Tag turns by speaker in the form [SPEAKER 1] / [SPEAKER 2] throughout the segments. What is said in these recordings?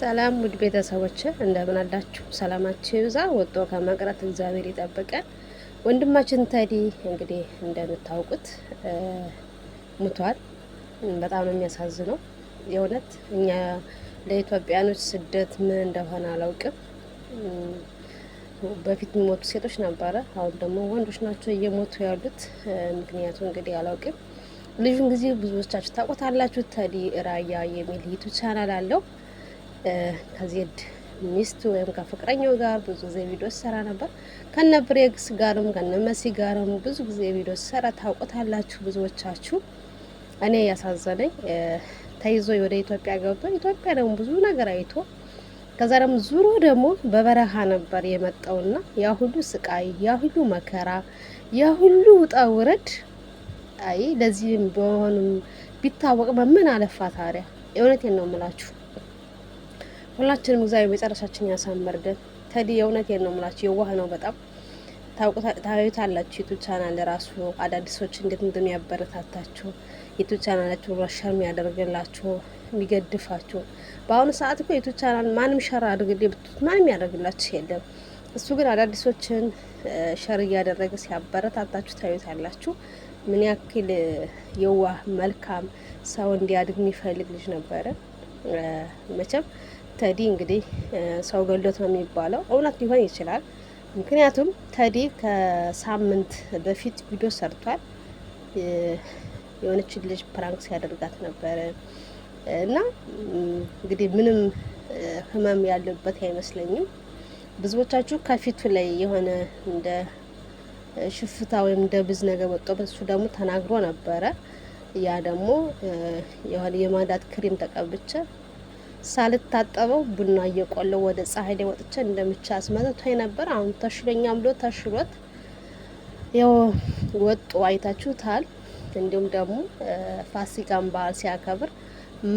[SPEAKER 1] ሰላም ውድ ቤተሰቦች እንደምን አላችሁ? ሰላማችሁ ይብዛ። ወጦ ከመቅረት እግዚአብሔር ይጠብቀን። ወንድማችን ቴዲ እንግዲህ እንደምታውቁት ሙቷል። በጣም ነው የሚያሳዝነው። የእውነት እኛ ለኢትዮጵያኖች ስደት ምን እንደሆነ አላውቅም። በፊት የሚሞቱ ሴቶች ነበረ፣ አሁን ደግሞ ወንዶች ናቸው እየሞቱ ያሉት። ምክንያቱ እንግዲህ አላውቅም። ልጁን ጊዜ ብዙዎቻችሁ ታውቁታላችሁ። ቴዲ ራያ የሚል ዩቱብ ቻናል አለው ከዜድ ሚስት ወይም ከፍቅረኛው ጋር ብዙ ጊዜ ቪዲዮ ሰራ ነበር። ከነ ብሬክስ ጋርም ከነ መሲ ጋርም ብዙ ጊዜ ቪዲዮ ሰራ ታውቆታላችሁ ብዙዎቻችሁ። እኔ ያሳዘነኝ ተይዞ ወደ ኢትዮጵያ ገብቶ ኢትዮጵያ ደግሞ ብዙ ነገር አይቶ ከዛ ደግሞ ዙሮ ደግሞ በበረሃ ነበር የመጣውና ያ ሁሉ ስቃይ፣ ያ ሁሉ መከራ፣ ያ ሁሉ ውጣ ውረድ አይ ለዚህም በሆኑም ቢታወቅ በምን አለፋ ታዲያ? እውነቴን ነው የምላችሁ ሁላችንም እግዚአብሔር መጨረሻችን ያሳመርልን። ተዲ የእውነቴን ነው የምላችሁ፣ የዋህ ነው በጣም ታዩታላችሁ። ዩቱብ ቻናል ለራሱ አዳዲሶች እንዴት እንደሚያበረታታችሁ ዩቱብ ቻናላችሁ ሸር የሚያደርግላችሁ የሚገድፋችሁ። በአሁኑ ሰዓት እኮ ዩቱብ ቻናል ማንም ሸር አድርግልኝ ብትት ማንም ያደርግላችሁ የለም። እሱ ግን አዳዲሶችን ሸር እያደረገ ሲያበረታታችሁ ታዩታላችሁ። ምን ያክል የዋህ መልካም ሰው እንዲያድግ የሚፈልግ ልጅ ነበረ መቼም ተዲ እንግዲህ ሰው ገሎት ነው የሚባለው። እውነት ሊሆን ይችላል። ምክንያቱም ተዲ ከሳምንት በፊት ቪዲዮ ሰርቷል። የሆነችን ልጅ ፕራንክ ሲያደርጋት ነበረ እና እንግዲህ ምንም ህመም ያለበት አይመስለኝም። ብዙዎቻችሁ ከፊቱ ላይ የሆነ እንደ ሽፍታ ወይም እንደ ብዝ ነገር ወጥቶበት እሱ ደግሞ ተናግሮ ነበረ። ያ ደግሞ የሆነ የማዳት ክሬም ተቀብቼ ሳልታጠበው ቡና እየቆለው ወደ ፀሐይ ላይ ወጥቼ እንደምቻ አስመጥቶኝ ነበር። አሁን ተሽሎኛል ብሎ ተሽሎት ያው ወጡ አይታችሁታል። እንዲሁም ደግሞ ፋሲካን በዓል ሲያከብር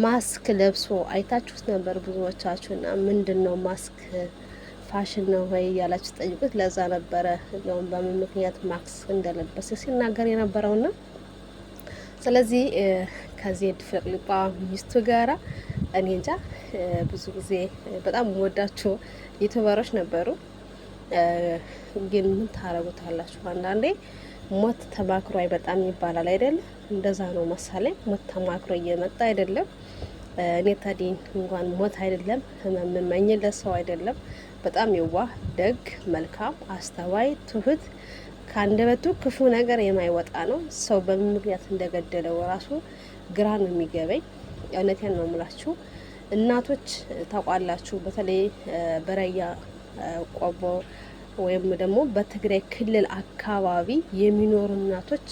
[SPEAKER 1] ማስክ ለብሶ አይታችሁት ነበር ብዙዎቻችሁና፣ ምንድን ነው ማስክ ፋሽን ነው ወይ እያላችሁ ጠይቁት። ለዛ ነበረ ያውን በምን ምክንያት ማክስ እንደለበሰ ሲናገር የነበረውና ስለዚህ ከዜድ ፍልቅልቋ ሚስቱ ጋራ እኔ እንጃ ብዙ ጊዜ በጣም ወዳቸው ዩቱበሮች ነበሩ። ግን ምን ታረጉታላችሁ? አንዳንዴ ሞት ተማክሮ አይመጣም ይባላል አይደለም? እንደዛ ነው መሳሌ። ሞት ተማክሮ እየመጣ አይደለም። እኔ ታዲያ እንኳን ሞት አይደለም ህመም መኝ ለሰው አይደለም። በጣም የዋህ ደግ፣ መልካም፣ አስተዋይ፣ ትሁት ከአንደበቱ ክፉ ነገር የማይወጣ ነው። ሰው በምን ምክንያት እንደገደለው ራሱ ግራ ነው የሚገበኝ። እውነቴን ነው የምላችሁ። እናቶች ታውቋላችሁ፣ በተለይ በራያ ቆቦ ወይም ደግሞ በትግራይ ክልል አካባቢ የሚኖሩ እናቶች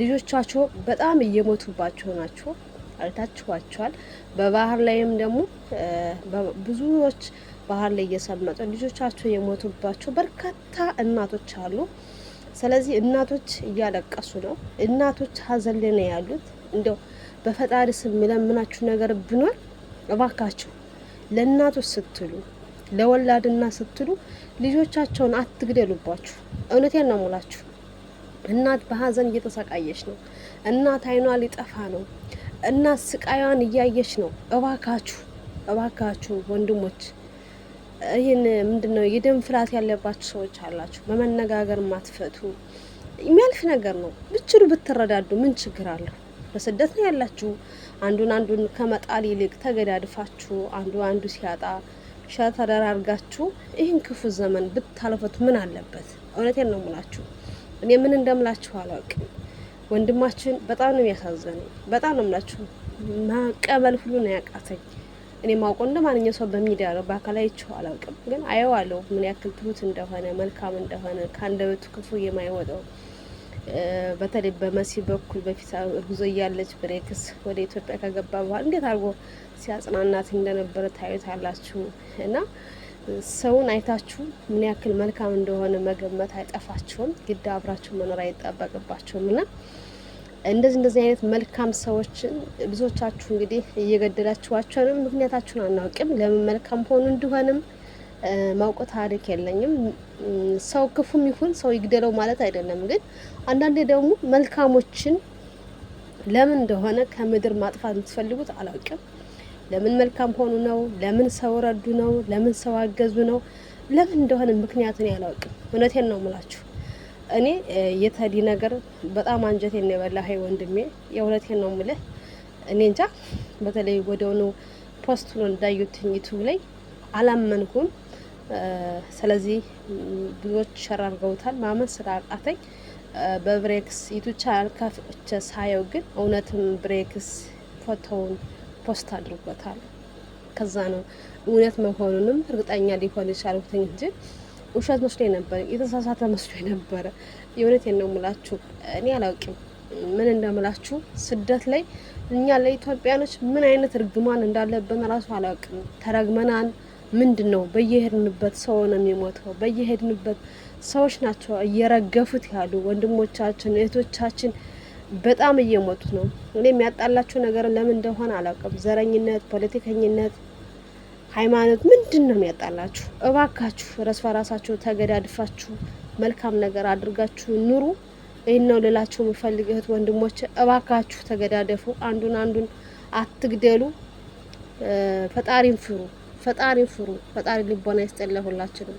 [SPEAKER 1] ልጆቻቸው በጣም እየሞቱባቸው ናቸው። አይታችኋቸዋል። በባህር ላይም ደግሞ ብዙዎች ባህር ላይ እየሰመጡ ልጆቻቸው የሞቱባቸው በርካታ እናቶች አሉ። ስለዚህ እናቶች እያለቀሱ ነው። እናቶች ሀዘን ላይ ነው ያሉት እንደው በፈጣሪ ስም የሚለምናችሁ ነገር ብኖር እባካችሁ ለእናቶች ስትሉ ለወላድና ስትሉ ልጆቻቸውን አትግደሉባችሁ። እውነቴን ነው ሙላችሁ። እናት በሀዘን እየተሰቃየች ነው። እናት አይኗ ሊጠፋ ነው። እናት ስቃዩን እያየች ነው። እባካችሁ እባካችሁ ወንድሞች ይህን ምንድን ነው የደም ፍላት ያለባችሁ ሰዎች አላችሁ፣ በመነጋገር ማትፈቱ የሚያልፍ ነገር ነው። ብችሉ ብትረዳዱ ምን ችግር አለው። በስደት ነው ያላችሁ። አንዱን አንዱን ከመጣል ይልቅ ተገዳድፋችሁ አንዱ አንዱ ሲያጣ ሻ ተደራርጋችሁ ይህን ክፉ ዘመን ብታለፈት ምን አለበት? እውነቴን ነው ሙላችሁ። እኔ ምን እንደምላችሁ አላውቅም። ወንድማችን በጣም ነው የሚያሳዝነኝ። በጣም ነው ምላችሁ መቀበል ሁሉ ነው ያቃተኝ። እኔ ማውቆ እንደ ማንኛው ሰው በሚዲያ ነው በአካል አይቼው አላውቅም፣ ግን አየዋለሁ ምን ያክል ትሁት እንደሆነ መልካም እንደሆነ ከአንደበቱ ክፉ የማይወጣው በተለይ በመሲ በኩል በፊት እርጉዞ እያለች ብሬክስ ወደ ኢትዮጵያ ከገባ በኋላ እንዴት አድርጎ ሲያጽናናት እንደነበረ አላችሁ እና ሰውን አይታችሁ ምን ያክል መልካም እንደሆነ መገመት አይጠፋችሁም። ግድ አብራችሁ መኖር አይጠበቅባችሁም። እና እንደዚህ እንደዚህ አይነት መልካም ሰዎችን ብዙዎቻችሁ እንግዲህ እየገደላችኋቸውንም ምክንያታችሁን አናውቅም። ለምን መልካም ሆኑ እንደሆነም ማውቀ ታሪክ የለኝም። ሰው ክፉም ይሁን ሰው ይግደለው ማለት አይደለም። ግን አንዳንዴ ደግሞ መልካሞችን ለምን እንደሆነ ከምድር ማጥፋት የምትፈልጉት አላውቅም። ለምን መልካም ሆኑ ነው? ለምን ሰው ረዱ ነው? ለምን ሰው አገዙ ነው? ለምን እንደሆነ ምክንያቱን ያላውቅም። እውነቴን ነው ምላችሁ? እኔ የተዲ ነገር በጣም አንጀቴን የበላ ሀይ ወንድሜ፣ የእውነቴን ነው ምልህ። እኔ እንጃ በተለይ ወደሆኑ ፖስቱን እንዳዩት ዩቱብ ላይ አላመንኩም። ስለዚህ ብዙዎች ሸር አድርገውታል። ማመን ስላቃተኝ በብሬክስ ዩቱብ ቻናል ከፍቼ ሳየው ግን እውነትም ብሬክስ ፎቶውን ፖስት አድርጎታል። ከዛ ነው እውነት መሆኑንም እርግጠኛ ሊሆን የቻልኩት እንጂ ውሸት መስሎ ነበር፣ የተሳሳተ መስሎ ነበረ። የእውነት ነው የምላችሁ እኔ አላውቅም ምን እንደምላችሁ። ስደት ላይ እኛ ለኢትዮጵያኖች ምን አይነት እርግማን እንዳለብን ራሱ አላውቅም። ተረግመናል። ምንድን ነው በየሄድንበት ሰው ነው የሚሞተው። በየሄድንበት ሰዎች ናቸው እየረገፉት ያሉ ወንድሞቻችን እህቶቻችን በጣም እየሞቱት ነው። እኔ የሚያጣላቸው ነገር ለምን እንደሆነ አላውቅም። ዘረኝነት፣ ፖለቲከኝነት፣ ሃይማኖት ምንድን ነው የሚያጣላችሁ? እባካችሁ እርስ በርሳችሁ ተገዳድፋችሁ መልካም ነገር አድርጋችሁ ኑሩ። ይህን ነው ልላችሁ የምፈልግ እህት ወንድሞች፣ እባካችሁ ተገዳደፉ። አንዱን አንዱን አትግደሉ። ፈጣሪን ፍሩ። ፈጣሪ ፍሩ። ፈጣሪ ልቦና ይስጠን ለሁላችንም።